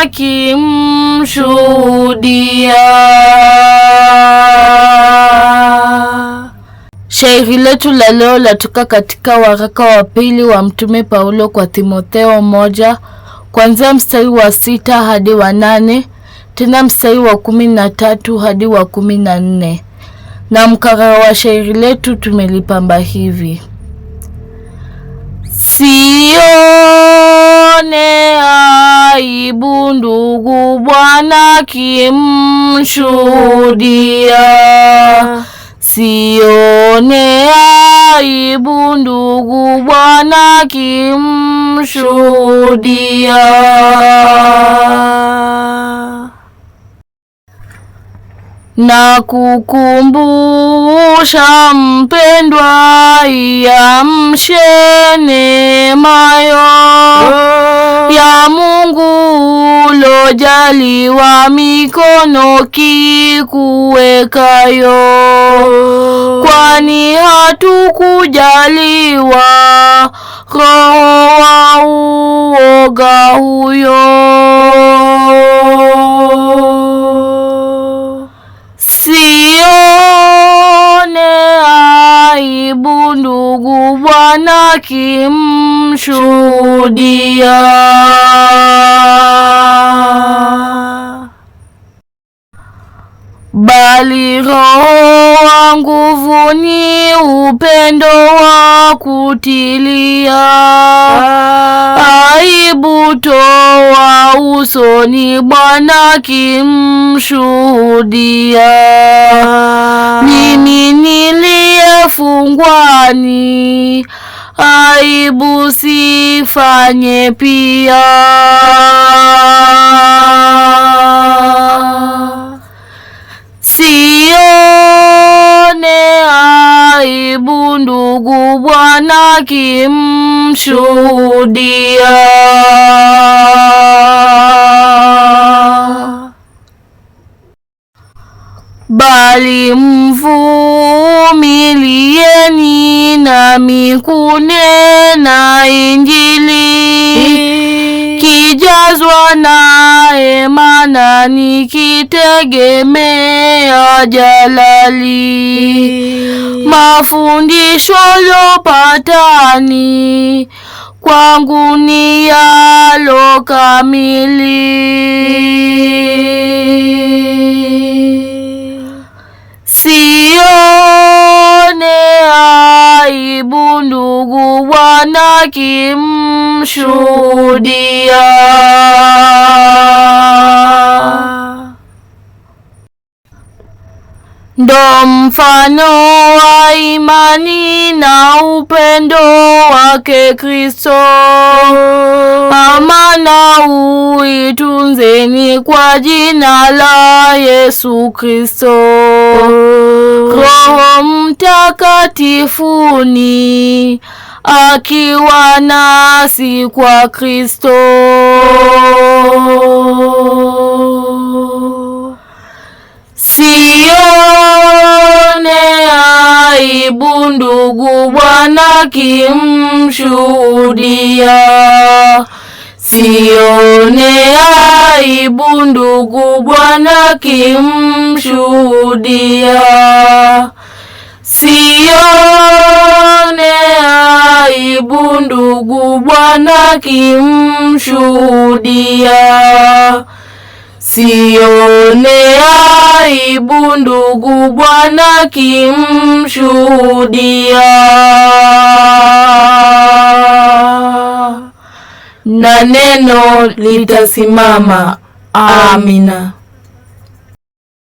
akimshuhudia. Shairi letu la leo latoka katika waraka wa pili wa Mtume Paulo kwa Timotheo moja kuanzia mstari wa sita hadi wa nane tena mstari wa kumi na tatu hadi wa kumi na nne na mkarara wa shairi letu tumelipamba hivi si karibu ndugu Bwana kimshuhudia, sione aibu ndugu Bwana kimshuhudia. Na kukumbusha mpendwa, iamshe mshene mayo oh. ya Mungu Majaliwa mikono kikuwekayo oh. kwani hatukujaliwa roho wa uoga huyo. Oh. Bwana akimshuhudia. Bali roho wa nguvu ni upendo wa kutilia aibu toa usoni, Bwana akimshuhudia kifungwani, aibu sifanye pia. Sione aibu ndugu, Bwana kimshuhudia bali mvu nami kunena Injili, kijazwa na emana, nikitegemea jalali, mafundisho yopatani kwangu ni yalo kamili. akimshuhudia. Ndo mfano wa imani na upendo wake Kristo. Amana uitunzeni kwa jina la Yesu Kristo. Roho Mtakatifu ni akiwa nasi kwa Kristo. Sione aibu ndugu, Bwana kimshuhudia. Sione aibu ndugu, Bwana kimshuhudia. Sione Bwana kimshuhudia. Sione aibu ndugu, Bwana kimshuhudia. Na neno litasimama. Amina.